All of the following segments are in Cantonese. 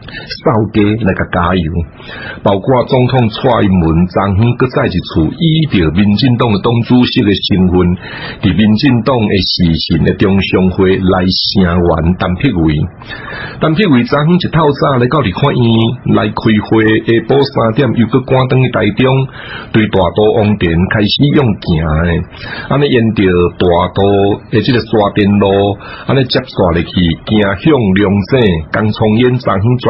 少來給來個加油，包括總統蔡英文昨昏閣再一次以着民進黨的黨主席嘅身份，佇民進黨的時陣嘅中常會來聲援陳柏惟，陳柏惟，昨昏一透早來到立法院來開會，下晡三點又閣趕倒去台中，對大肚王田開始用行，安尼沿着大肚，而且個沙邊路，安尼接刷嚟去，行向龍井，剛沖演昨昏。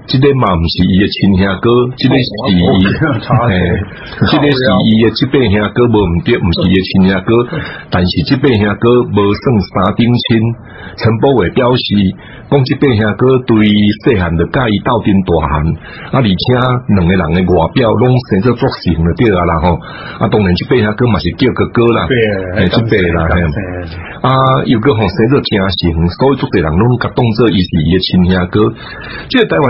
即個嘛毋是伊誒親兄哥，即、哦、個是，誒、哦，即、哦、個、哦、是伊誒即輩兄哥，無毋掉，毋是伊誒親兄哥。但是即輩兄哥無算三等親。陳寶偉表示，講即輩兄哥對細漢着甲伊鬥陣大漢，啊而且兩個人誒外表攏生做作詩咁着啲啦，然後啊當然即輩兄哥嘛是叫個哥、呃、啦，係即輩啦，係。啊，又閣好生做假詩，所以族輩人攏當做伊是伊誒親兄哥，即、這、係、個、台灣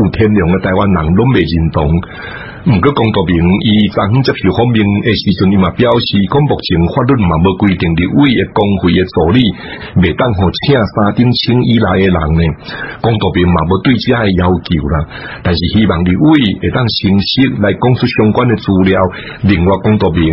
有天良的台灣人都未認同，唔過龔道明伊昨午接受訪問嘅時陣，伊嘛表示，講目前法律嘛冇規定立委嘅工會嘅助理未當互請三等親以內嘅人呢？龔道明嘛冇對只嘅要求啦，但是希望立委會當信息來講出相關嘅資料，另外龔道明。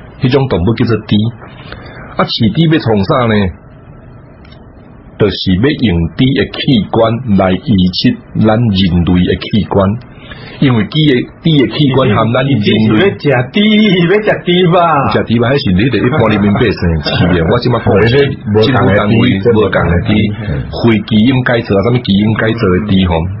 迄種動物叫做豬。啊，飼豬要創啥呢？就是要用豬嘅器官來移植咱人類嘅器官，因為豬嘅豬嘅器官含咱人類。要食豬，唔要食豬吧？食豬吧，迄時你哋啲國裏面變成飼嘅，我即刻講，即係冇講嘅啲，冇講嘅豬，非、嗯、基因改造啊，啥物基因改造嘅豬吼。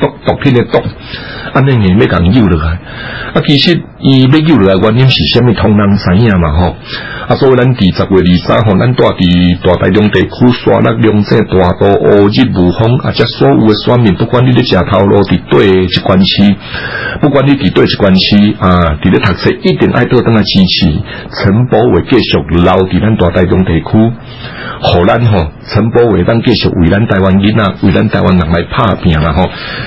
毒毒品嘅讀，阿咩嘢咩咁要嚟？啊，其實而咩要嚟？原因是什麼通人知影嘛？吼，啊，所以咱佇十月二十三號，咱住喺大台中地區，沙那兩線大道烏日無縫，啊，即所有嘅雙面，不管你啲食頭路啲對，一關係，不管你啲對，一關係啊，喺度讀冊，一定愛多啲嘅支持。陳柏惟繼續留佇咱大台中地區，好咱吼，陳柏惟當繼續為咱台灣囝仔，為咱台灣人來打拼啦吼。啊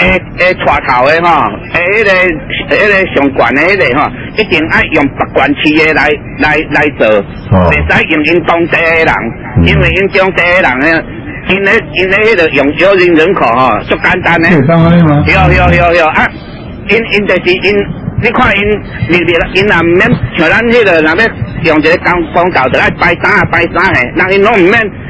誒誒，帶頭誒吼，誒，迄個，誒，迄個上懸誒迄個吼，一定愛用拔罐器誒來來來做，唔、喔、使用因當地誒人，因為因當地誒人，因誒因誒迄個、那個、用少年人口吼，足簡單誒。嘛？要要要要啊！因因就是因，你看因，因也因也唔免像咱迄度，若要用一個公廣告，愛拜三啊拜三嘿，但因攏唔免。